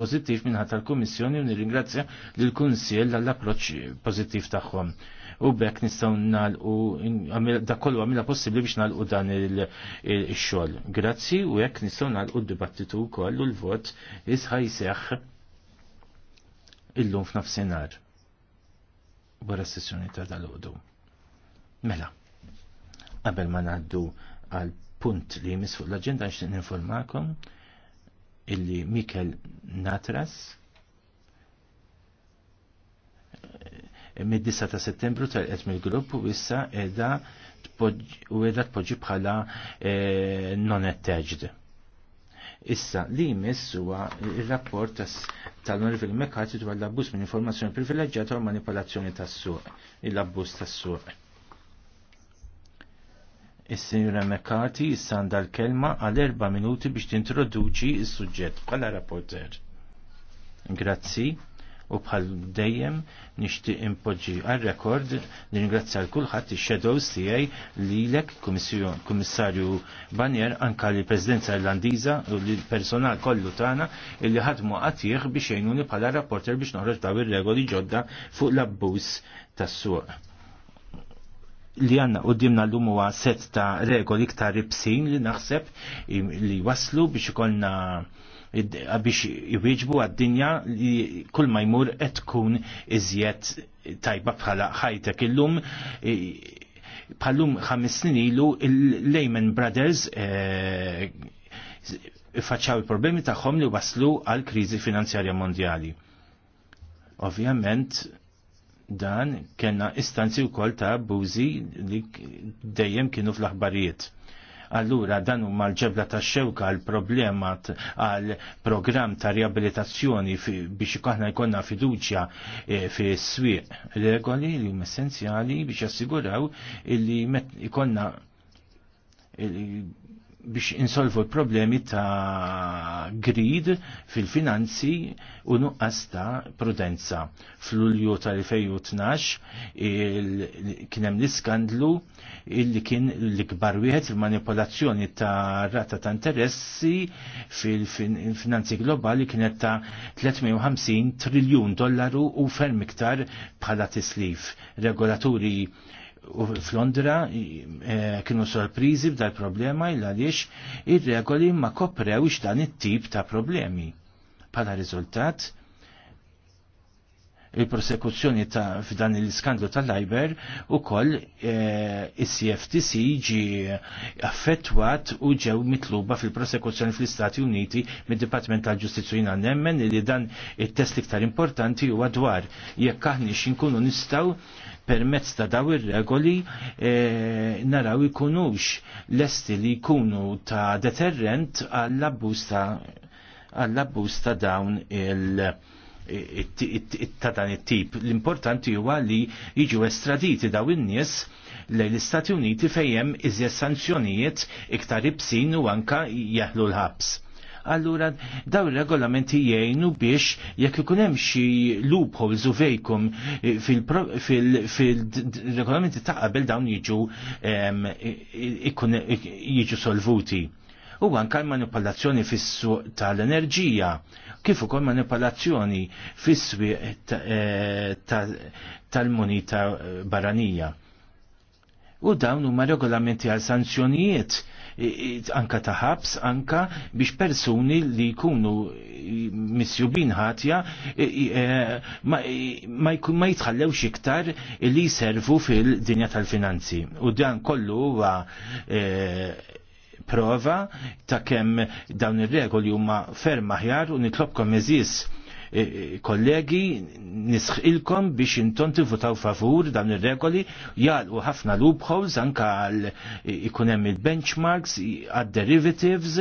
pozittiv minnħat tal-Kummissjoni u nirringrazzja lill kunsjell għall-approċċ pozittiv tagħhom. U bekk nistgħu nagħlqu u kollu għamilha possibbli biex nagħlqu dan il xogħol Grazzi u hekk nistgħu nagħlqu d-dibattitu wkoll u l-vot isħa jseħħ illum f'nafsinhar wara s-sessjoni ta' dal-għodu. Mela, qabel ma ngħaddu għal punt li jmiss fuq l-aġenda nixtieq ninformakom illi Mikel Natras eh, mid-9 ta' settembru tal-qed mill-grupp u issa edha u edha tpoġġi bħala eh, non attached. Issa li jmiss huwa ir-rapport tal-Onorevoli Mekati dwar l-abbuż minn informazzjoni privileġġjata u manipolazzjoni tas-suq, il-abbuż tas-suq. Is-Sinjura Mekati issanda l-kelma għal erba' minuti biex tintroduċi s suġġett bħala rapporter. Grazzi u bħal dejjem nixtieq impoġġi għal rekord nirringrazzja l kulħadd ix-shadows tiegħi lilek kummissarju Banjer anka li presidenza Irlandiża u li personal kollu tagħna illi ħadmu qattih biex jgħinuni bħala rapporter biex noħroġ daw ir-regoli ġodda fuq l-abbuż tas-suq li għanna u dimna l huwa set ta' regoli iktar ribsin li naħseb li waslu biex ikolna biex iwieġbu għad-dinja li kull ma jmur qed tkun iżjed tajba bħala ħajtek illum bħallum ħames snin ilu il-Lehman Brothers e, faċċaw il-problemi tagħhom li waslu għal kriżi finanzjarja mondjali. Ovvjament, dan kena istanzi u kol ta' buzi li dejjem kienu fl-aħbarijiet. Allura dan huma l-ġebla ta' xewka għal problema għal programm ta' riabilitazzjoni biex ikoħna jkollna fiduċja eh, fi swieq regoli li huma essenzjali biex jassiguraw illi ikonna biex insolvu l-problemi ta' grid fil-finanzi u nuqqas ta' prudenza. Fl-Ulju tal-2012 kienem l-iskandlu illi kien l-ikbar wieħed il-manipolazzjoni ta' rata ta' interessi fil-finanzi globali kienet ta' 350 triljun dollaru u ferm iktar bħala tislif. Regolaturi u f'Londra e, kienu sorprizi b'dal problema illa għaliex ir-regoli ma koprewx dan it-tip ta' problemi. Pala riżultat, il-prosekuzzjoni ta' f'dan il iskandlu tal-Liber u koll eh, il-CFTC ġi affettwat u ġew mitluba fil-prosekuzzjoni fl-Istati Uniti mid dipartiment tal-Ġustizzju jina nemmen li dan il-test iktar importanti u għadwar jekk aħni xinkunu nistaw permezz ta' daw ir-regoli eh, naraw ikunux lesti li jkunu ta' deterrent għall-abbuż ta' għall-abbuż ta' dawn il- ta' dan it-tip. L-importanti huwa li jiġu estraditi daw in-nies lejn l-Istati Uniti fejjem iżjed sanzjonijiet iktar ibsin u anka jaħlu l-ħabs. Allura daw ir-regolamenti jgħinu biex jekk ikun hemm xi loopholes u vejkum eh, fil-regolamenti ta' qabel dawn jiġu jiġu solvuti u anka manipolazzjoni fis-suq tal-enerġija, kif ukoll manipolazzjoni fis-swieq eh, tal monita barranija. U dawn huma regolamenti għal sanzjonijiet anka ta' ħabs anka biex persuni li jkunu misjubin ħatja eh, ma jitħallewx iktar li jservu fil-dinja tal-finanzi. U dan kollu huwa eh, prova ta' kemm dawn ir-regoli huma ferm aħjar u nitlobkom eżis e, e, kollegi nisħilkom biex intom tivvotaw favur dan ir-regoli u ħafna loopholes anka għal e, ikun hemm il-benchmarks għad derivatives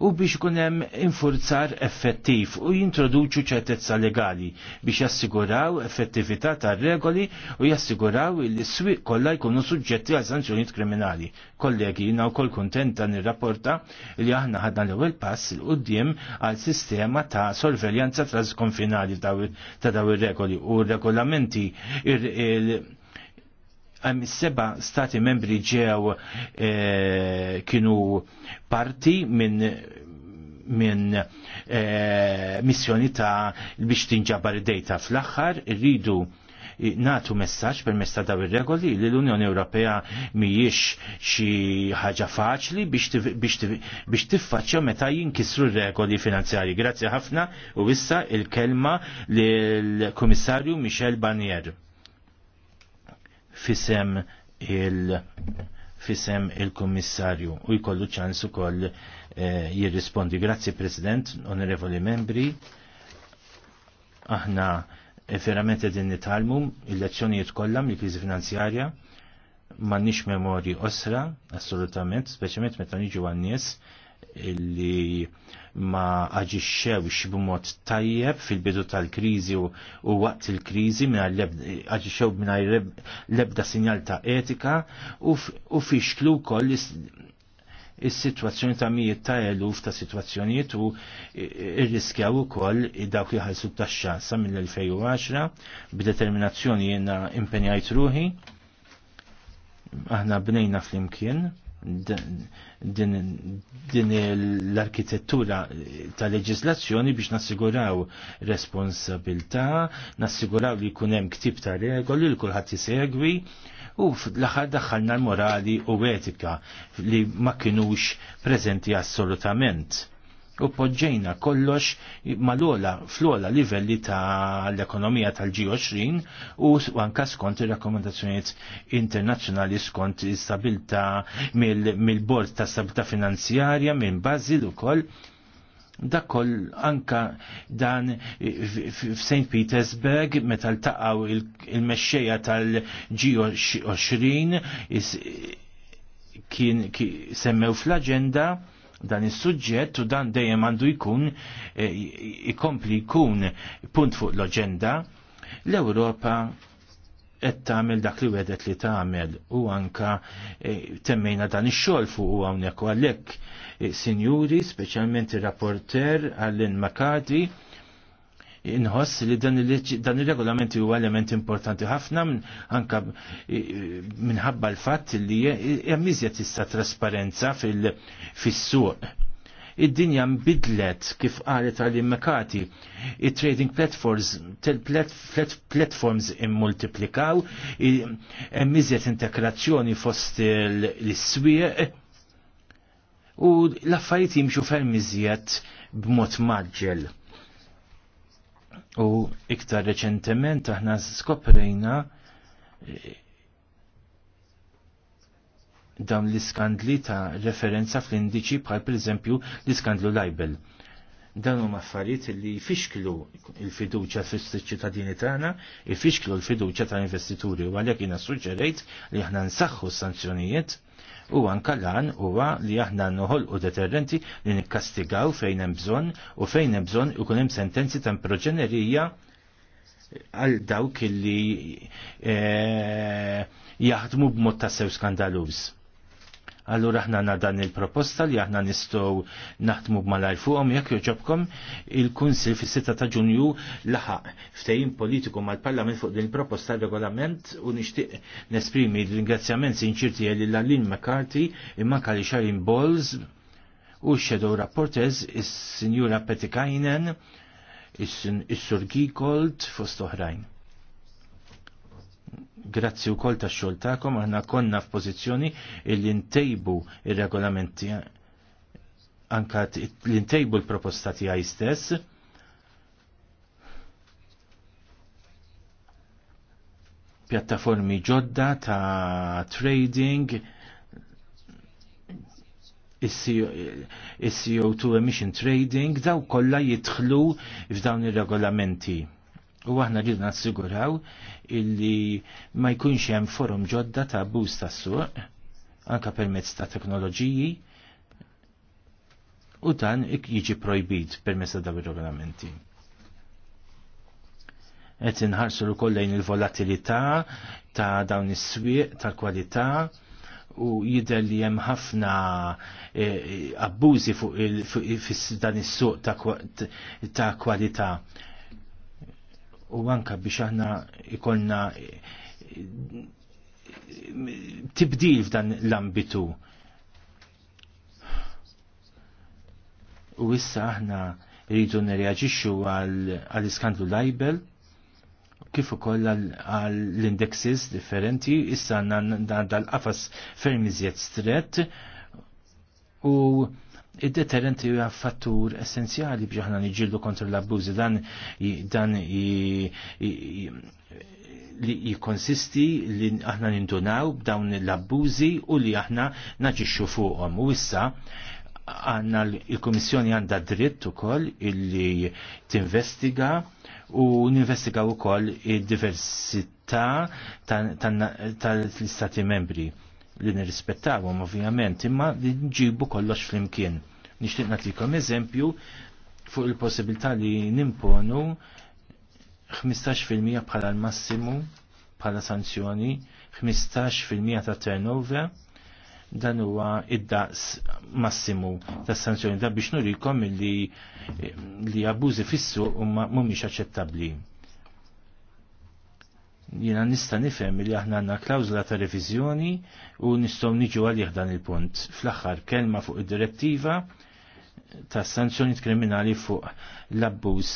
u biex kunem infurzar effettiv u jintroduċu ċertezza legali biex jassiguraw effettività ta' regoli u jassiguraw li s-swiq kollha jkunu suġġetti għal sanzjonijiet kriminali. Kollegi, jina u koll kontenta nir-rapporta li aħna ħadna l-ewwel pass il qudiem għal sistema ta' sorveljanza transkonfinali ta' daw ir-regoli u regolamenti il għam seba stati membri ġew eh, kienu parti minn minn eh, missjoni ta' biex tinġabar id-dejta fl-axħar rridu natu messaċ per mesta daw ir-regoli li l-Unjoni Ewropea mhijiex xi ħaġa faċli biex tiffaċċja meta jinkisru r-regoli finanzjarji. Grazzi ħafna u issa il-kelma lill-Kummissarju Michel Barnier fisem il- fisem il-Kummissarju u jkollu ċans ukoll eh, jirrispondi. Grazzi President, onorevoli membri, aħna eh, verament qegħdin nitalmu il-lezzjonijiet kollha mill-kriżi finanzjarja m'għandniex memorji osra assolutament, speċjalment meta niġu għan-nies illi ma aġixxewx b'mod tajjeb fil-bidu tal-kriżi u waqt il-kriżi aġixxew mingħajr l-ebda sinjal ta' etika u fixklu wkoll is-sitwazzjoni ta' mijiet ta' eluf ta' sitwazzjonijiet u rriskjaw ukoll dawk li ħalsu taxxa sa mill-2010 b'determinazzjoni jiena impenjajt ruħi aħna bnejna fl-imkien din l-arkitettura ta' leġislazzjoni biex nassiguraw responsabilta, nassiguraw li kunem ktib ta' regoli li kullħat jisegwi u fl-axar daħħalna l-morali u etika li ma kienux prezenti assolutament u poġġejna kollox mal flola fl livelli ta' l-ekonomija tal-G20 u anka skont ir-rakkomandazzjonijiet internazzjonali skont istabilta mill-Bord ta' stabilta Finanzjarja minn Basil ukoll dakoll anka dan f'St. Petersburg meta ltaqgħu il-mexxejja tal-G20 kien semmew fl agenda dan is-suġġett u dan dejjem għandu jkun e, ikompli jkun punt fuq l-oġenda l-Ewropa qed tagħmel dak li wedet li tagħmel u anka e, temmejna dan ix-xogħol fuq hawnhekk u għalhekk e, sinjuri, speċjalment ir-rapporter Allen McCarthy, inħoss li dan il-regolament huwa element importanti ħafna anka minħabba l-fatt li hemm iżjed issa trasparenza fis-suq. Id-dinja mbidlet kif qalet għal immekati it-trading platforms platforms immultiplikaw, hemm iżjed integrazzjoni fost l-swieq u l-affarijiet jimxu ferm iżjed b'mod maġġel U iktar reċentement aħna skoprejna e, dawn l-iskandli ta' referenza fl-indiċi bħal per eżempju l-iskandlu Libel. Dan huma affarijiet li fixklu l-fiduċja fis-ċittadini tagħna, jfixklu l-fiduċja ta' investituri u għalhekk jiena suġġerejt li aħna nsaħħu s-sanzjonijiet u anka lan huwa li aħna u deterrenti li nikkastigaw fejn hemm bżonn u fejn hemm bżonn ikun hemm sentenzi ta' proġenerija għal dawk li eh, jaħdmu b'mod ta' sew skandaluż. Allura aħna għandna dan il-proposta li aħna nistgħu naħdmu b'malajr fuqom jekk joġobkom il-Kunsil fis-6 ta' Ġunju laħaq ftehim politiku mal-Parlament fuq din il-proposta regolament u nixtieq nesprimi l-ingrazzjament sinċirti li l Allin McCarthy imma kalli Sharon Bowles u x-Shadow Rapportez is-Sinjura Petikajnen is-Sur Gikold fost oħrajn. Grazzi u kol ta' xoltakom, aħna konna f'pozizjoni illi ntejbu il-regolamenti anka li ntejbu l-proposta tiegħi stess. Pjattaformi ġodda ta' trading, is-CO2 emission trading, daw kollha jitħlu f'dawn ir-regolamenti U aħna rridu nassiguraw illi ma jkunx hemm forum ġodda ta' abbuż tas-suq anka permezz ta' teknoloġiji u dan jiġi projbit permezz ta' dawn regolamenti. Qed inħarsu lkollejn il-volatilità ta' dawn is-swieq tal-kwalità u jidher li hemm ħafna eh, abbużi fuq dan is-suq ta' kwalità u anka biex aħna ikolna eh, tibdil f'dan l-ambitu. U issa aħna rridu nirreaġixxu għall-iskandlu ajbel kif ukoll għall-indexes differenti, issa għandna dal qafas ferm iżjed strett u Id-deterrenti huwa fattur essenzjali biex aħna niġġieldu kontra l-abbużi dan dan li jikonsisti li aħna nindunaw b'dawn l-abbużi u li aħna naġixxu fuqhom. U issa għanna il-Komissjoni għanda dritt u koll illi tinvestiga u ninvestiga u koll il-diversità tal-istati membri li nirrispettawhom ovvjament imma li nġibu kollox flimkien. Nixtieq nagħtikom eżempju fuq il-possibilità li nimponu 15% bħala l-massimu bħala sanzjoni, 15% ta' turnover, dan huwa id-daqs massimu ta' sanzjoni da biex nurikom li li abbużi fissu huma mhumiex aċċettabbli. Jiena nista' nifhem li aħna għandna klawżla ta' reviżjoni u nistgħu niġu għalih dan il-punt. Fl-aħħar kelma fuq id-direttiva ta' sanzjoni kriminali fuq l-abbuż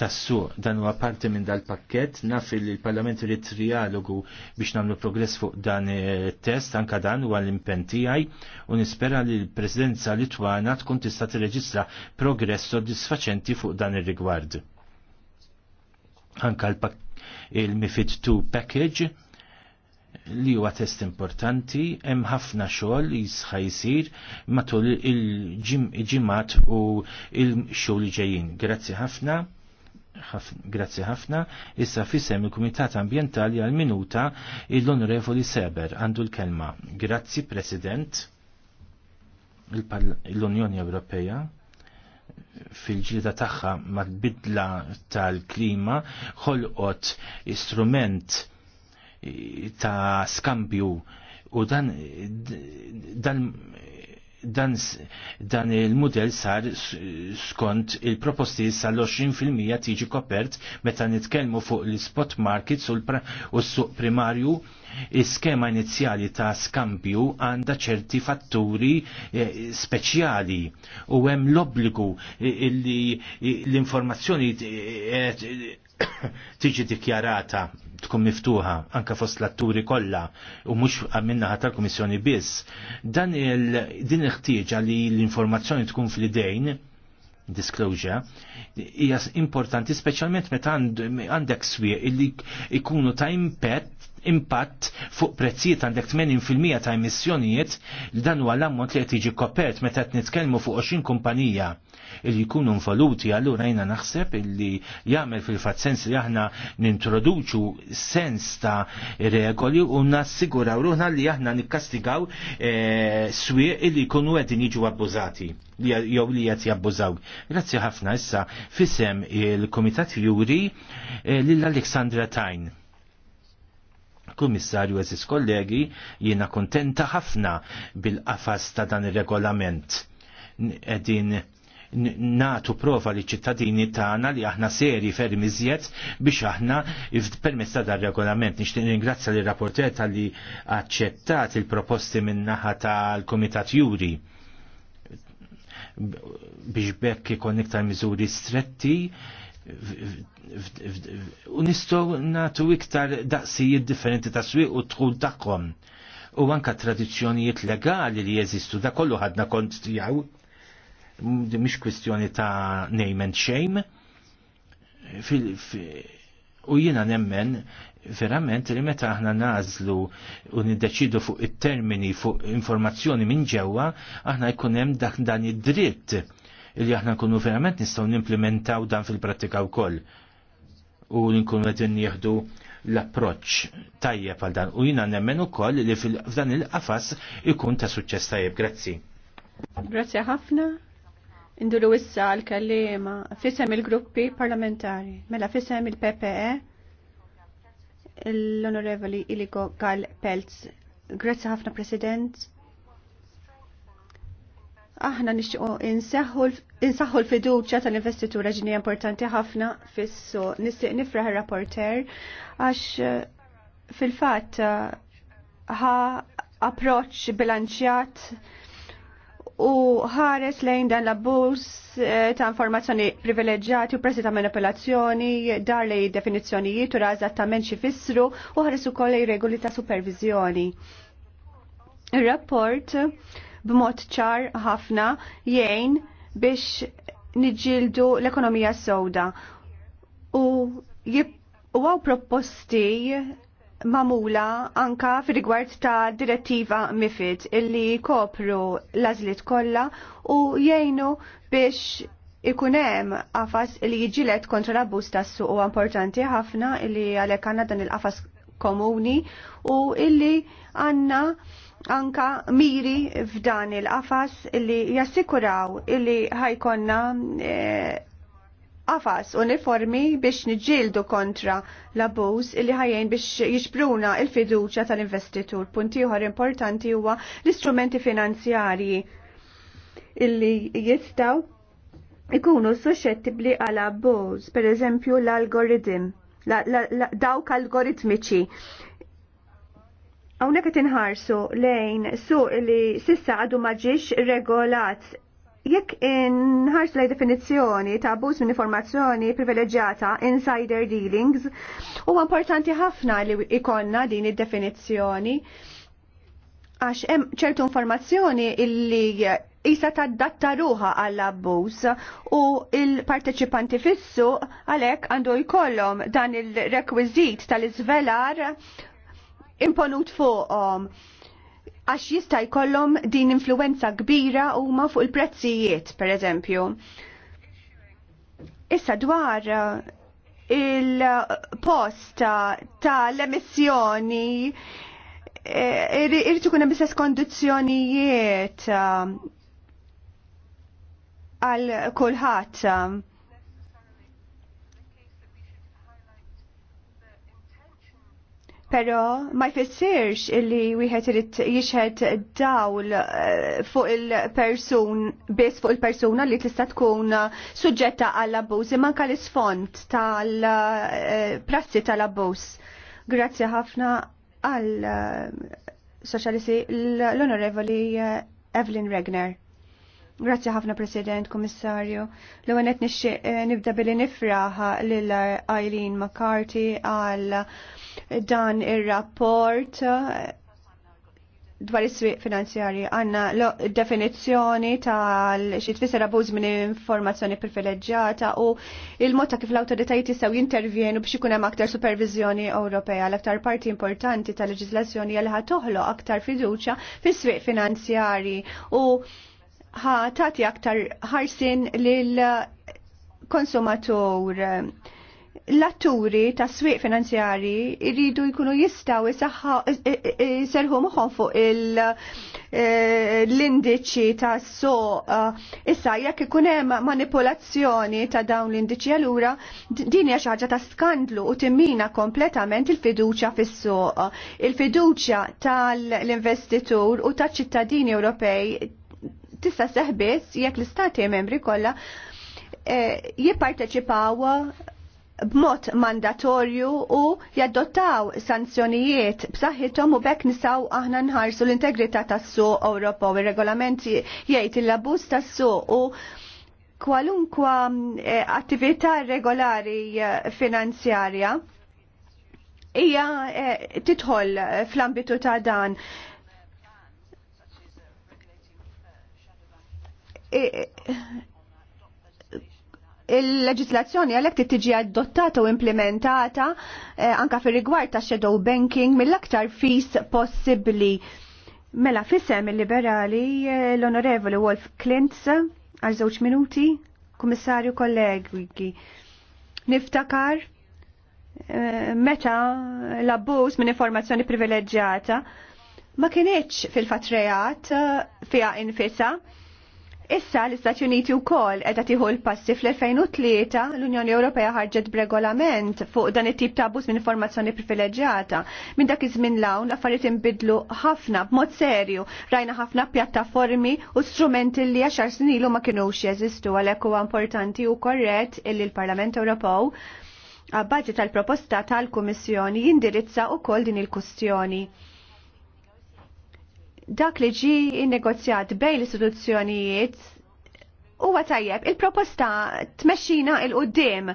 tas-suq dan huwa parti minn dal-pakket naf il parlament irid trialogu biex nagħmlu progress fuq dan eh, test anka dan huwa l-impenn tiegħi u nispera li l-Presidenza Litwana tkun tista' tirreġistra progress soddisfaċenti fuq dan ir-rigward. Anka l-mifid 2 package li huwa test importanti, hemm ħafna xogħol li jisħa jsir matul il-ġimgħat u l xogħol li ġejjin. Grazzi ħafna. Grazzi ħafna, issa fisem il-Kumitat Ambientali għal minuta l-Onorevoli Seber għandu l-kelma. Grazzi President l-Unjoni Ewropea fil-ġilda tagħha mal-bidla tal-klima ħolqot istrument ta' skambju u dan dan dan, dan il model sar skont il-proposti sal-20% tiġi kopert meta nitkellmu fuq l-spot markets u s-suq primarju iskema inizjali ta' skambju għanda ċerti fatturi eh, speċjali u hemm l-obbligu eh, li l-informazzjoni eh, tiġi dikjarata tkun miftuħa anka fost l-atturi kollha u mhux għamminna ħadd tal-Kummissjoni biss. Dan il din il-ħtieġa li l-informazzjoni tkun fl-idejn disclosure hija importanti speċjalment meta għandek swieq illi ikunu ta' impatt impatt fuq prezzijiet għandek 80% ta' emissjonijiet li dan huwa l-ammont li qed jiġi kopert meta qed nitkellmu fuq 20 kumpanija il jkunu nfaluti allura jina naħseb illi jagħmel fil-fatt sens li aħna nintroduċu sens ta' regoli u nassiguraw ruħna li aħna nikkastigaw eh, swieq illi jkunu qegħdin jiġu abbużati jew li qed jabbużaw. Grazzi ħafna issa fisem il-Kumitat Juri eh, lil Aleksandra Tajn kummissarju eżis kollegi jiena kontenta ħafna bil-qafas ta' dan ir-regolament. Edin natu prova li ċittadini tagħna li aħna seri ferm iżjed biex aħna permezz ta' dar regolament nixtieq ringrazzja li rapporter tal-li aċċettat il-proposti min-naħa tal-Kumitat Juri biex bekk ikon iktar miżuri stretti u nistgħu nagħtu iktar daqsijiet differenti ta' swieq u tħul tagħhom u anka tradizzjonijiet legali li jeżistu da kollu ħadna kont tiegħu mhix kwistjoni ta' name and shame. Fil, fil, u jiena nemmen verament li meta aħna nażlu u niddeċidu fuq it-termini fuq informazzjoni minn ġewwa, aħna jkun hemm dak dan id-dritt li aħna nkunu verament nistgħu nimplementaw dan fil-prattika wkoll u nkunu qed nieħdu l-approċċ tajjeb għal dan u jiena nemmen ukoll li f'dan il-qafas ikun ta' suċċess tajjeb. Grazzi. Grazzi ħafna. Induru issa l-kallima fisem il-gruppi parlamentari, mela fisem il-PPE, l-Onorevoli Iligo Gal Pelz. Grazie ħafna President. Aħna nixtiequ insaħħu l-fiduċja tal-investitura ġinija importanti ħafna fissu nistiq nifraħ ir-rapporter għax eh, fil-fatt eh, ħa approċċ bilanċjat u ħares lejn dan l-abbuż eh, ta' informazzjoni privileġġjati u presi ta' manipolazzjoni dar lej definizzjonijiet u rażattament xi fissru u ħares ukoll lej regoli ta' supervizjoni. Ir-rapport b'mod ċar ħafna jgħin biex niġġieldu l-ekonomija sewda u jib proposti mamula anka fi rigward ta' direttiva MIFID illi kopru lażlit kollha u jgħinu biex ikunem qafas li jiġilet kontra l-abbuż tas-suq u importanti ħafna illi għalhekk għandna dan il-qafas komuni u illi għandna anka miri f'dan il-qafas illi jassikuraw illi ħajkonna eh, qafas uniformi biex niġġieldu kontra l abuż li ħajjin biex jixpruna il-fiduċja tal-investitur. Punt ieħor importanti huwa l-istrumenti finanzjarji illi jistaw ikunu suscettibli għal abuż, per eżempju l-algoritm, dawk algoritmiċi Għawnek għet inħarsu lejn su li sissa għadu maġiġ regolat Jekk inħarġ lej definizzjoni ta' abbuż minn informazzjoni privileġġjata insider dealings, huwa importanti ħafna li ikonna din id-definizzjoni għax hemm ċertu informazzjoni illi jista' tadatta ruħa għall abbuż u il-parteċipanti fissu għalhekk għandu jkollhom dan il-rekwiżit tal-iżvelar imponut fuqhom. -um għax jista' jkollhom din influenza kbira huma fuq il-prezzijiet, pereżempju. Issa dwar uh, il-posta tal-emissjoni eh, irrid ikun hemm istess kondizzjonijiet uh, għal kulħadd Pero ma jfissirx illi wieħed irid jixħed dawl eh, fuq il-persun biss fuq il-persuna li tista' tkun suġġetta għall abbuż imma anke l-isfond tal-prassi eh, tal-abbuż. Grazzi ħafna għal eh, soċjalisti l-Onorevoli Evelyn Regner. Grazzi ħafna President, Komissarju. l għanet eh, nibda billi nifraħ lil Eileen McCarthy għal dan ir-rapport eh, dwar is-swieq finanzjarji għandna definizzjoni tal xi tfisser abuż minn informazzjoni privileġġjata u il-mod ta' kif l-awtoritajiet jistgħu jintervjenu biex ikun hemm aktar supervizjoni Ewropea. L-aktar parti importanti tal-leġiżlazzjoni li toħloq aktar fiduċja fis-swieq finanzjarji u ħa tati aktar ħarsin lil konsumatur l-atturi ta' swieq finanzjari iridu jkunu jistaw serħu moħon fuq e, l-indiċi ta' so issa jekk ikun hemm manipolazzjoni ta' dawn l-indiċi allura din hija xi ħaġa ta' skandlu u timmina kompletament il-fiduċja fis-suq. Il-fiduċja tal-investitur u taċ-ċittadini Ewropej tista' seħbis jekk l-istati membri kollha eh, jipparteċipaw b'mod mandatorju u jaddottaw sanzjonijiet b'saħħithom u bekk nisaw aħna nħarsu l-integrità tas-suq Ewropa u ir regolamenti jgħid il-abbuż tas-suq u kwalunkwa eh, attività regolari eh, finanzjarja hija titħol fl-ambitu ta' dan il-leġislazzjoni għalhekk tiġi adottata u implementata eh, anka fir rigward ta' shadow banking mill-aktar fis possibbli. Mela fissem il-liberali eh, l-onorevoli Wolf Klintz għal żewġ minuti, kummissarju kollegi. Niftakar eh, meta l-abbuż minn informazzjoni privileġġjata ma kienieċ fil-fatrejat fija infisa Issa l-Istati Uniti wkoll qed tieħu l-passi fl-2003 l-Unjoni Ewropea ħarġet b'regolament fuq dan it-tip ta' abbuż minn informazzjoni privileġġjata. Minn dak iż-żmien l-hawn affarijiet inbidlu ħafna b'mod serju. Rajna ħafna pjattaformi u strumenti li għaxar snin ilu ma kinux jeżistu għalhekk huwa importanti u korrett illi l-Parlament Ewropew għabbaġi tal-proposta tal-Kummissjoni jindirizza u kol din il-kustjoni dak li ġi negozjat bej l-istituzzjonijiet huwa tajjeb, il-proposta tmexxina il-qudiem. il proposta tmexxina il qudiem il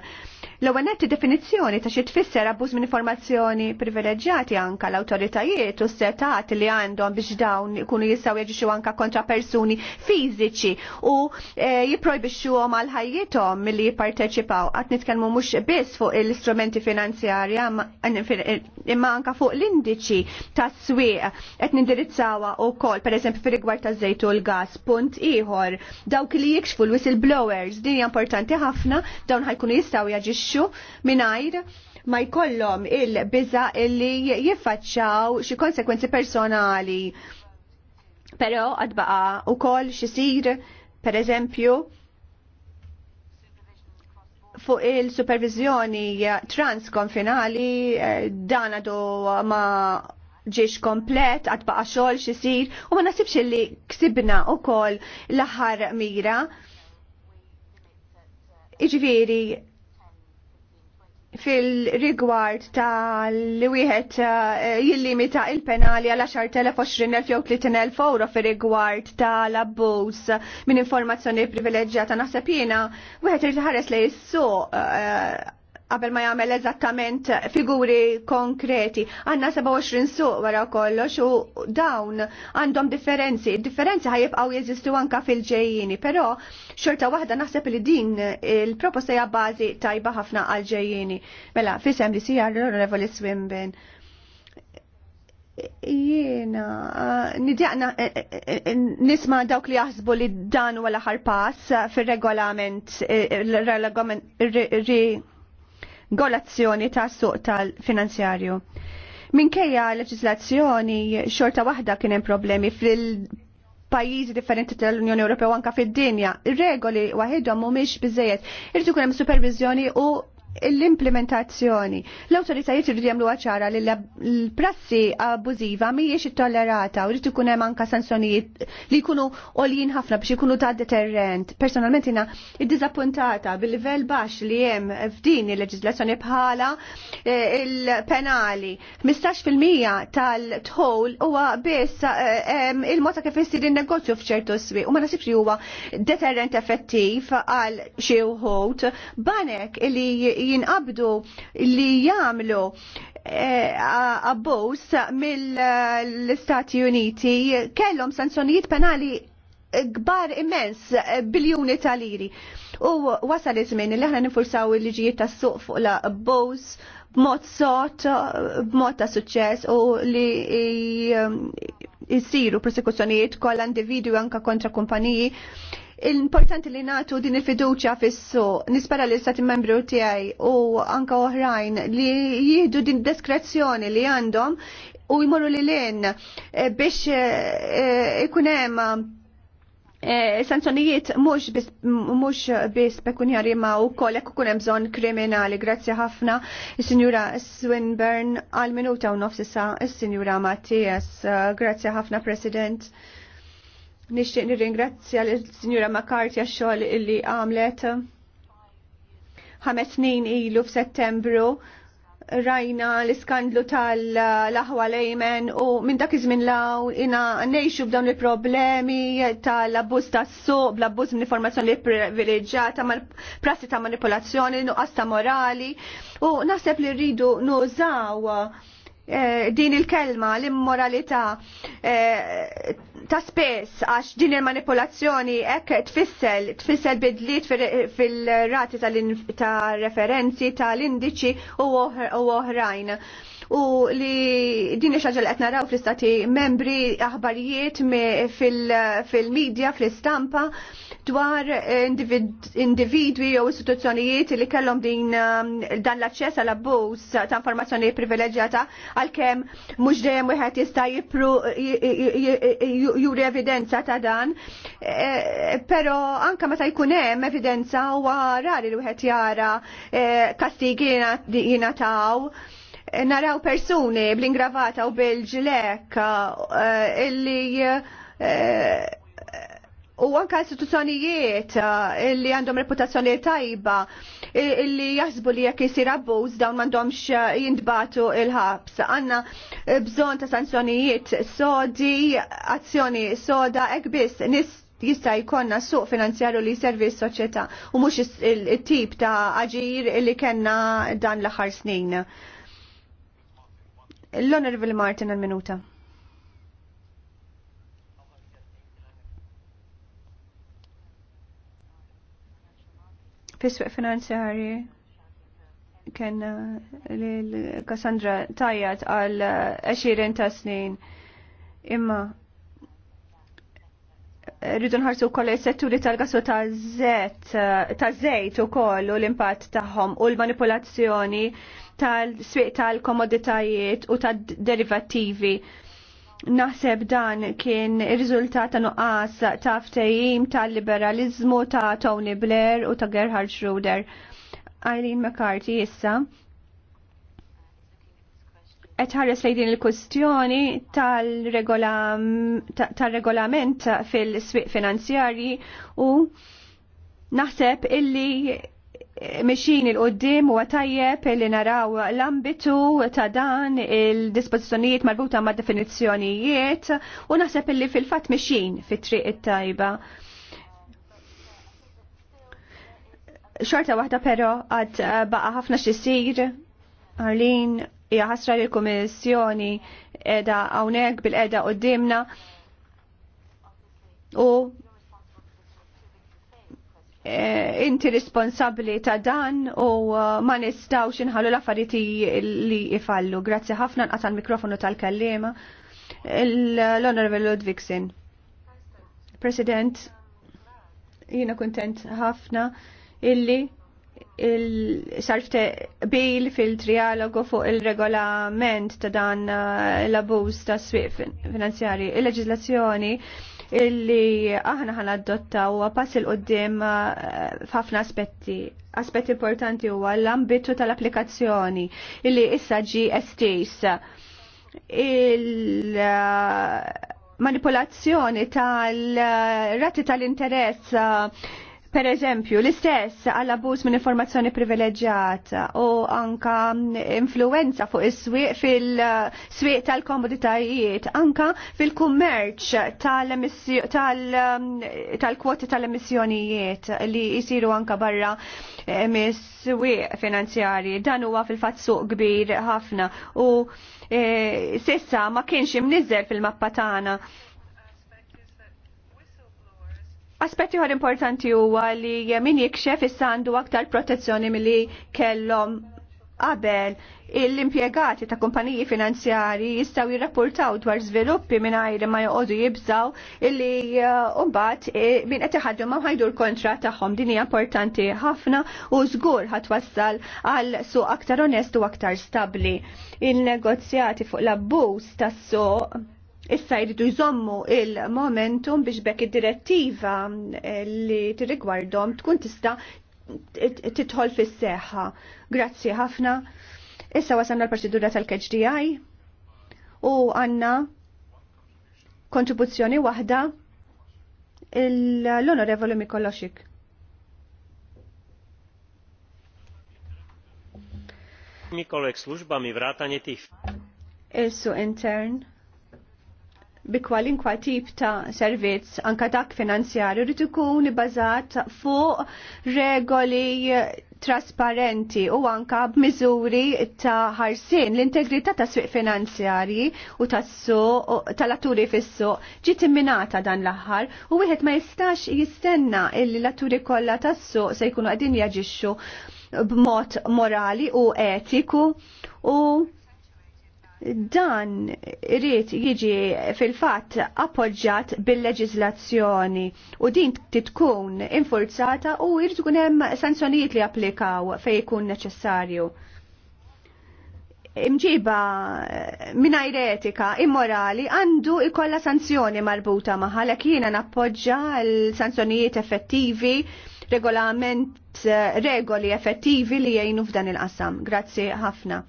L-ewwel definizjoni definizzjoni ta' xi tfisser abbuż minn informazzjoni privileġġjati anka l-awtoritajiet u setat li għandhom biex dawn ikunu jistgħu jeġixxu anka kontra persuni fiziċi u e, jipprojbixxuhom għal ħajjithom milli jipparteċipaw. Għat nitkellmu mhux biss fuq l-istrumenti finanzjarja eh, eh, imma anka fuq l-indiċi tas-swieq qed nindirizzawa wkoll pereżempju fir-rigward taż-żejt u l-gas punt ieħor dawk li jikxfu l-whistleblowers din hija importanti ħafna dawn ħajkunu jistgħu jaġixxu jaġixxu minajr ma jkollhom il-biża illi jiffaċċaw xi konsekwenzi personali. Però għad baqa' ukoll xisir, pereżempju, fuq il-supervizjoni transkonfinali eh, dan għadu ma ġiex komplet, għad baqa xol xisir, u ma nasibx li ksibna u kol l-ħar mira. Iġviri, fil-rigward ta' li wieħed eh, jillimita il-penali għal 10.000, 20.000 jew 30.000 euro fil-rigward ta' l-abbuż minn informazzjoni privileġġjata naħseb jiena wieħed irid ħares li s-suq eh, qabel ma jagħmel eżattament figuri konkreti. Għandna 27 suq wara kollox u dawn għandhom differenzi. Differenzi ħajibqgħu jeżistu anka fil-ġejjini, però xorta waħda naħseb li din il-proposta hija bażi tajba ħafna għal ġejjini. Mela, fisem li sija l-Revoli Swimbin. Jiena, eh, nidjaqna eh, eh, nisma dawk li jaħsbu li dan wala ħarpas fil-regolament, il-regolament, Golazzjoni ta' suq tal-finanzjarju. Minkejja leġislazzjoni xorta waħda kien hemm problemi fil pajjiżi differenti tal-Unjoni Ewropea u anka fid-dinja. Ir-regoli waħedhom mhumiex biżejjed. Irid ikun hemm supervizjoni u l-implementazzjoni. L-autoritajiet irridu jagħmlu ċara li l-prassi abbużiva mhijiex ittollerata u rrid ikun hemm anke sanzjonijiet li jkunu għoljin ħafna biex ikunu ta' deterrent. Personalment jiena iddiżappuntata bil-livell baxx li hemm f'din il-leġiżlazzjoni bħala eh, il-penali. 15% tal-tħol huwa biss eh, il-mod kif insir in-negozju f'ċertu swi u ma nasibx li huwa deterrent effettiv għal xi wħud banek li jinqabdu li jagħmlu eh, abbos mill-Stati Uniti kellhom sanzjonijiet penali gbar immens biljuni ta' liri. U wasal iż-żmien li aħna nifursaw il-liġijiet tas-suq fuq la bows b'mod sot, b'mod ta' suċċess u li jisiru prosekuzzjonijiet kollha individwi anka kontra kumpaniji Importanti li natu din il-fiduċa fissu, nispera li stati membru tijaj u anka oħrajn li jihdu din diskrezzjoni li għandhom u jmorru li l-in eh, biex eh, ikunem eh, sanzjonijiet mux bis pekunjari ma u kol jekk ikun hemm bżonn kriminali. Grazzi ħafna is-Sinjura Swinburne għal minuta u nofsisa, issa sinjura Mattias. Grazzi ħafna President. Nixtieq nirringrazzja l-Sinjura McCarthy għax-xogħol illi għamlet ħames snin ilu f'Settembru rajna l-iskandlu tal aħwa lejmen u minn dak iż-żmien law ina ngħixu b'dawn il-problemi tal-abbuż tas-suq, bl-abbuż mill informazzjoni privileġġjata mal-prassi ta' manipolazzjoni, nuqqas ta' morali u naħseb li rridu nużaw Eh, din il-kelma l-immoralità eh, ta' spess għax din il-manipolazzjoni ek tfissel, tfissel bidliet fil-rati ta' referenzi tal-indiċi u oħrajn u li din xaġa li qed naraw fl-istati membri aħbarijiet fil-medja, fl-istampa dwar individwi jew istituzzjonijiet li kellhom din um, dan l-aċċess għal abbuż ta' informazzjoni privileġġjata għalkemm mhux dejjem wieħed jista' jipru juri evidenza ta' dan. E, però anke meta jkun hemm evidenza huwa rari li wieħed jara e, kastigi jingħataw naraw persuni bl-ingravata u bil-ġilek uh, uh, illi uh, u anka istituzzjonijiet illi għandhom reputazzjoni tajba illi jaħsbu li jekk jisir abbuż dawn m'għandhomx jindbatu il-ħabs. Għandna bżonn ta' sanzjonijiet sodi, azzjoni soda, hekk biss nis jista' jkollna suq finanzjarju li jservi s-soċjetà u mhux it-tip ta' aġir illi kellna dan l-aħħar snin. L-Honorable Martin għal-minuta. Fisweq finanzjari kena uh, li l-Kassandra tajjat għal 20 uh, ta' snin imma rridu nħarsu wkoll is setturi tal-gasu uh, ta' zejt u koll u l-impatt tagħhom u l-manipolazzjoni tal-swieq tal-komoditajiet u tad-derivattivi. Naħseb dan kien riżultat ta' nuqqas ta' ftehim tal-liberalizmu ta' Tony Blair u ta' Gerhard Schroeder. Eileen McCarthy issa qed ħares lej din il kwistjoni tal-regolament fil-swieq finanzjarji u naħseb illi mexin il-qoddim u għatajjeb li naraw l-ambitu ta' dan il-dispozizjonijiet marbuta ma' definizjonijiet u naħseb li fil-fat mexin fit-triq it-tajba. Xorta waħda pero għad eh, baqa ħafna xisir għalin, hija li l-Kummissjoni qiegħda hawnhekk bil edha qoddimna u Eh, inti responsabli ta' dan u eh, ma nistawx inħallu l-affariti li ifallu. Grazzi ħafna nqata' l-mikrofonu tal-kallima. L-Honorable Ludwigsen. President, jina kontent ħafna illi il-sarfte bil fil-trialogu fuq il-regolament ta' dan eh, l abuz ta' swif finanzjari. Il-leġizlazzjoni il leġizlazzjoni illi aħna ħana adottaw pass il-qoddim eh, f'ħafna aspetti aspett importanti huwa l-ambitu tal-applikazzjoni illi issa ġi estis il eh, manipolazzjoni tal-rati tal-interess eh, Per eżempju, l-istess għall-abuż minn informazzjoni privileġġjata u anka influenza fuq is-swieq fil-swieq tal-komoditajiet, anka fil-kummerċ tal-kwoti tal-emissjonijiet li jisiru anka barra eh, mis-swieq finanzjari. Dan huwa fil-fatt suq kbir ħafna u eh, sissa ma kienx imnizzel fil-mappa tagħna Aspetti ħor importanti huwa li min jikxef issa għandu aktar protezzjoni milli kellhom qabel l-impjegati ta' kumpaniji finanzjari jistaw jirrapportaw dwar żviluppi mingħajr ma joqogħdu jibżaw illi uh, mbagħad e, min qed iħaddu ma ħajdu l-kontra tagħhom din hija importanti ħafna u żgur ħatwassal għal suq aktar onest u aktar stabbli. Il-negozjati fuq l-abbuż tas-suq issa jridu jżommu il-momentum biex bekk id-direttiva eh, li tirrigwardhom tkun tista' titħol fis-seħħa. Grazzi ħafna. Issa wasamna l-proċedura tal-KHDI u għanna kontribuzzjoni waħda l-Onorevoli Mikoloxik. Mikolek mi vrátane tých. Issu intern bi kwalinkwa tip ta' servizz anka dak finanzjarju rrid ikun ibbażat fuq regoli trasparenti u anka b'miżuri ta' ħarsien l-integrità ta' swieq finanzjarji u tas-suq tal-atturi fis-suq ġiet imminata dan l-aħħar u wieħed ma jistax jistenna illi l-atturi kollha tas-suq se jkunu qegħdin jaġixxu b'mod morali u etiku u dan irrit jiġi fil-fatt appoġġat bil-leġizlazzjoni u din titkun infurzata u irrit ikun hemm sanzjonijiet li applikaw fej ikun neċessarju. Imġiba minajr etika, immorali, għandu ikolla sanzjoni marbuta maħalek jiena nappoġġa l-sanzjonijiet effettivi, regolament, eh, regoli effettivi li jgħinu f'dan il-qasam. Grazzi ħafna.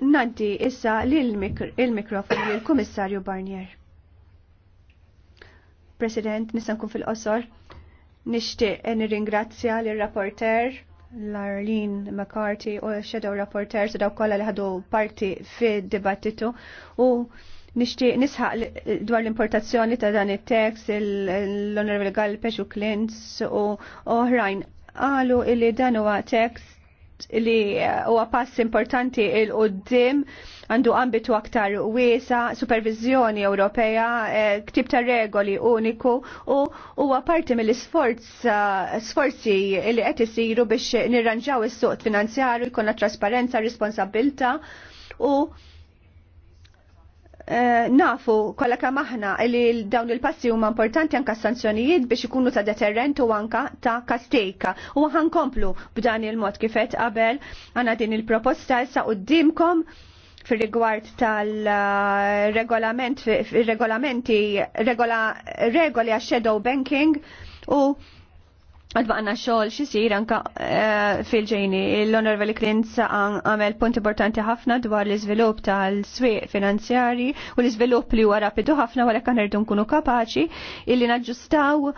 Nanti issa l-mikrofon l-Komissarju Barnier. President, nisan kun fil-qosor. Nishtiq nirringrazzja l-rapporter l-Arlene McCarthy u shadow rapporter daw kolla li ħadu parti fid-dibattitu u nishtiq nisħaq dwar l-importazzjoni ta' dan it-tekst l-Honorable Galpex u Klintz u oħrajn qalu illi dan huwa tekst li huwa pass importanti il qoddim għandu ambitu aktar wiesa, supervizjoni Ewropea, eh, ktib ta' regoli uniku u huwa parti mill-sforzi eh, li qed isiru biex nirranġaw is-suq finanzjarju jkollna trasparenza, responsabilta u Eh, nafu kolla kam aħna li dawn il-passi huma importanti anke sanzjonijiet biex ikunu ta' deterrent u anka ta' kastejka. U komplu b'dan il-mod kifet qabel għandna din il-proposta issa d-dimkom fil rigward tal-regolament, regolamenti, regola, regoli għax shadow banking u Madbaqna xogħol xisir anka eh, fil-ġejni. L-Onorevoli Clint għamel punt importanti ħafna dwar l-iżvilupp tal-swieq finanzjari u l-iżvilupp li huwa rapidu ħafna wara kan irdu nkunu kapaċi illi naġġustaw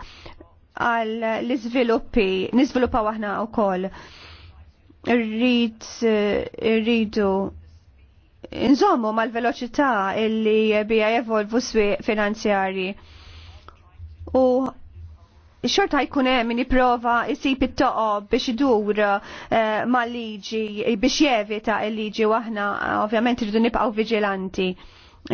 għal l-iżviluppi, niżviluppaw aħna wkoll. Irrid irridu eh, nżommu mal-veloċità illi bija jevolvu swieq finanzjari u xorta jkun hemm min jipprova jsib it-toqob biex idur eh, mal-liġi biex jevita l-liġi u aħna eh, ovvjament irridu nibqgħu viġilanti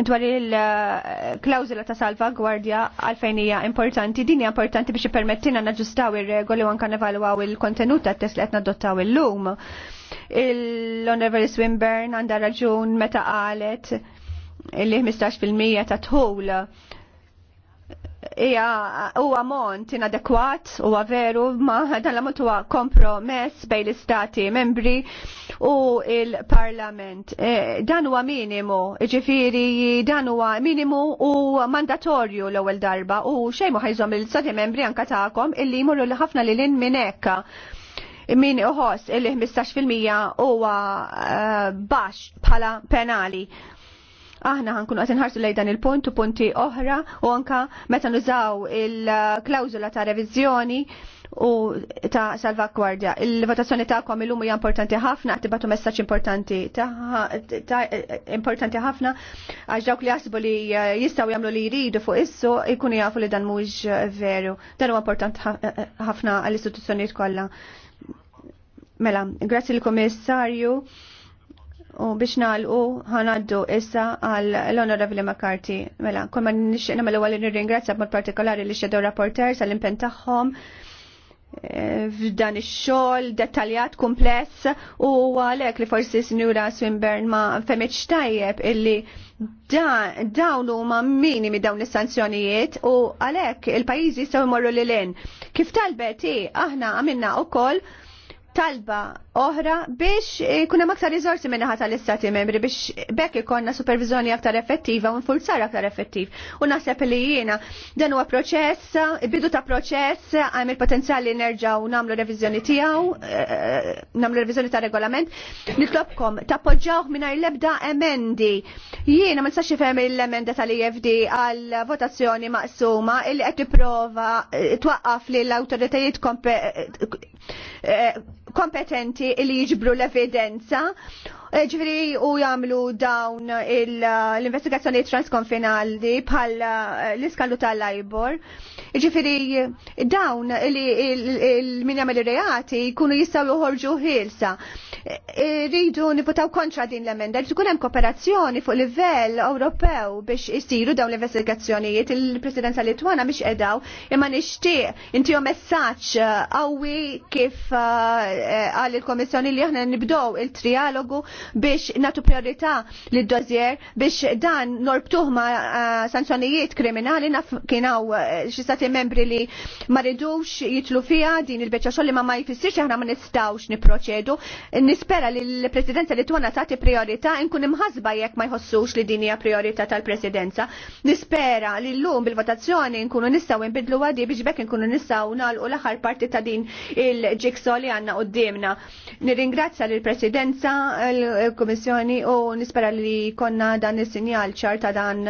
dwar il-klawzula ta' salvagwardja għalfejn hija importanti, din hija importanti biex ippermettina naġustaw ir-regoli u anke nevalwaw il-kontenut tat test li qed nadottaw illum. L-Honorable Swinburne għandha raġun meta qalet li 15% ta' tħul Ija, huwa mont inadekwat, huwa veru, ma dan la ammont huwa kompromess bejn l-istati membri u il-parlament. E, dan huwa minimu, ġifiri dan huwa minimu u mandatorju l-ewwel darba u xejn ma ħajżhom l-istati membri anka tagħkom illi jmorru li ħafna lil hinn minn hekk min uħos il-15% huwa e, bax bħala penali. Aħna ħankunu qed inħarsu lejn dan il-punt u punti oħra u anka meta nużaw il klawzula ta' reviżjoni u ta' salvaguardja. Il-votazzjoni ta'kom illum hija importanti ħafna, għatibatu tibatu messaġġ importanti ta' importanti ħafna għax dawk li jasbu li eh, jistgħu jagħmlu li jridu fuq issu jkunu jafu li dan mux eh, veru. Dan huwa importanti eh, ħafna għall-istituzzjonijiet kollha. Mela, grazzi l-Komissarju. U biex nalqu ħanaddu issa għal l-Onorevoli McCarthy. Mela, kolma nixxina mela għalli nirringrazzja b'mod partikolari li xedew rapporters għall impen tagħhom eh, f'dan ix-xogħol dettaljat kumpless u għalhekk li forsi Sinjura Swinburn ma femitx tajjeb illi dawn huma minimi dawn is-sanzjonijiet u għalhekk il-pajjiżi jistgħu jmorru lil Kif talbet aħna għamilna wkoll talba oħra biex ikun hemm aktar riżorsi minn ħata l-istati membri biex bekk ikonna supervizjoni aktar effettiva u nfulzar aktar effettiv. U naħseb li jiena dan huwa proċess, il-bidu ta' proċess għam il-potenzjali nerġgħu nagħmlu reviżjoni tiegħu, eh, nagħmlu reviżjoni ta' regolament. Nitlobkom tappoġġaw mingħajr l-ebda emendi. Jiena ma nistax ifhem l-emenda tal-IFD għal votazzjoni maqsuma illi qed tipprova eh, twaqqaf li l-awtoritajiet eh, kompetenti li jiġbru l-evidenza Eh, ġifiri u jamlu dawn eh, l-investigazzjoni transkonfinaldi bħal eh, l-iskallu tal-lajbor. Ġifiri dawn li min jamel reati kunu jistaw joħorġu hilsa. Ridu niputaw kontra din l-emenda, Ġifiri kunem kooperazzjoni fuq livell Ewropew biex jisiru dawn l-investigazzjonijiet il-presidenza Litwana biex edaw imma nishtiq inti messaċ għawi kif għal il-komissjoni li aħna nibdow il-trialogu biex natu priorità lid dozier biex dan norbtuħ ma' eh, sanzjonijiet kriminali naf kienaw eh, xi stati membri li ma jitlu fiha din il beċa xolli ma ma jfissirx aħna ma nistgħux niproċedu. Nispera li l-Presidenza li twana tagħti priorità nkun imħasba jekk ma jħossux li din hija priorità tal-Presidenza. Nispera li llum bil-votazzjoni nkunu nistgħu nbidlu għadi biex bekk nkunu nistaw nagħlqu l-aħħar parti ta' din il-ġikso li għandna qudiemna. Nirringrazzja lill-Presidenza l il-Komissjoni u nispera li konna dan il-sinjal ċar ta' dan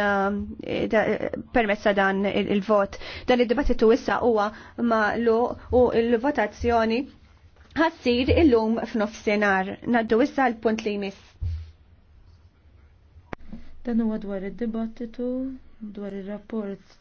eh, permessa dan il-vot. Dan il-dibattitu issa huwa ma' lu u il-votazzjoni ħassir il-lum f'nofsenar. Naddu issa l-punt li jmiss. Dan huwa dwar id-dibattitu dwar ir rapport